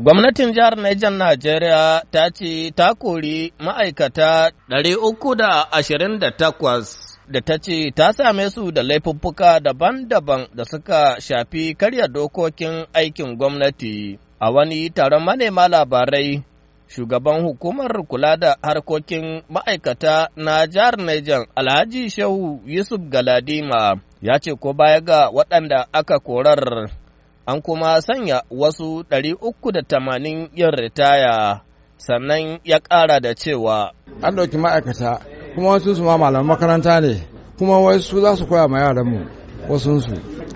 Gwamnatin jihar Niger Najeriya ta ce ta kori ma'aikata 328 da ta ce ta same su da laifuffuka daban-daban da suka shafi karya dokokin aikin gwamnati. A wani taron manema labarai, shugaban hukumar kula da harkokin ma'aikata na jihar Niger Alhaji Shehu Yusuf Galadima ya ce ko baya ga waɗanda aka korar. an kuma sanya wasu 380 yin ritaya sannan ya ƙara da cewa an ɗauki ma'aikata kuma wasu su ma malaman makaranta ne kuma wasu za su koya ma yaranmu su.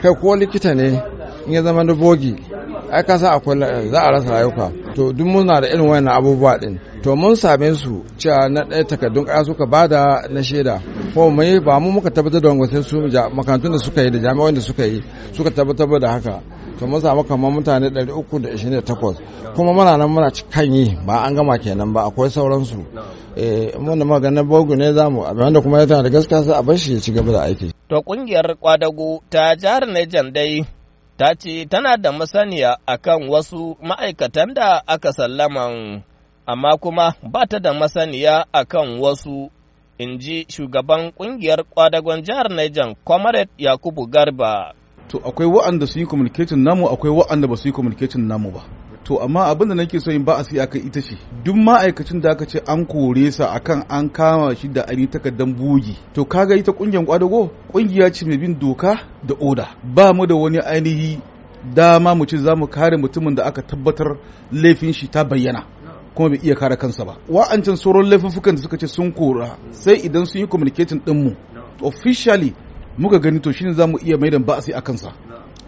kai ko likita ne in ya zama da bogi ai ka sa akwai za a rasa rayuka to duk muna da irin wannan abubuwa din to mun same su cewa na ɗaya takardun ƙasa suka bada na shaida ko mai ba mu muka tabbatar da wangwasin su makarantun da suka yi da jami'o'in da suka yi suka tabbatar da haka to mun samu kamar mutane 328 kuma muna nan muna cikin yi ba an gama kenan ba akwai sauransu eh mun da magana bogu ne zamu abin da kuma yana da gaskiya sai a bar shi ya ci gaba da aiki to kungiyar kwadago ta jihar Niger dai ta ce tana da masaniya akan wasu ma'aikatan da aka sallama amma kuma ba ta da masaniya akan wasu in ji shugaban kungiyar kwadagon jihar Niger Comrade Yakubu Garba to akwai wa'anda su yi communication namu akwai wa'anda ba su yi communication namu ba to amma abin da nake so in ba a sai aka ita ce duk ma'aikacin da aka ce an kore sa akan an kama shi da ani takardan bugi. to kaga ita kungiyar kwadago kungiya ce mai bin doka da oda ba mu da wani ainihi dama mu ce za kare mutumin da aka tabbatar laifin shi ta bayyana kuma bai iya kare kansa ba wa'ancan sauran laifuffukan da suka ce sun kora sai idan sun yi communicating din mu officially muka gani to shine zamu iya maidan ba'asi a kansa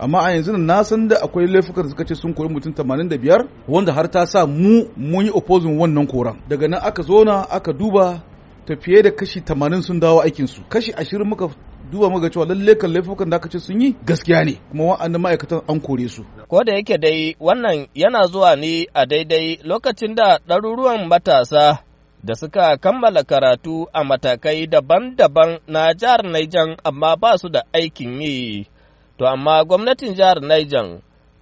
amma a yanzu na san da akwai laifukan da suka ce sun kori mutum biyar wanda har ta sa mu mun yi opposing wannan koran daga nan aka zona aka duba ta fiye da kashi 80 sun dawo aikin su kashi ashirin muka duba muka cewa lalle kan laifukan da aka ce sun yi gaskiya ne kuma wa'annan ma'aikatan an kore su ko da yake dai wannan yana zuwa ne a daidai lokacin da ɗaruruwan matasa da suka kammala karatu a matakai daban-daban na jihar Niger amma ba su da aikin yi. To amma gwamnatin jihar Niger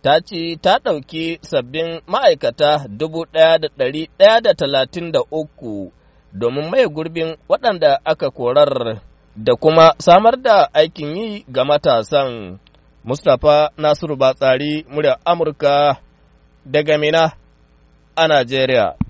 ta ce ta ɗauki sabbin ma'aikata dubu ɗaya da ɗari ɗaya da talatin da uku domin mai gurbin waɗanda aka korar da kuma samar da aikin yi ga matasan. Mustapha Nasiru Batsari, murya Amurka daga Mina a Najeriya.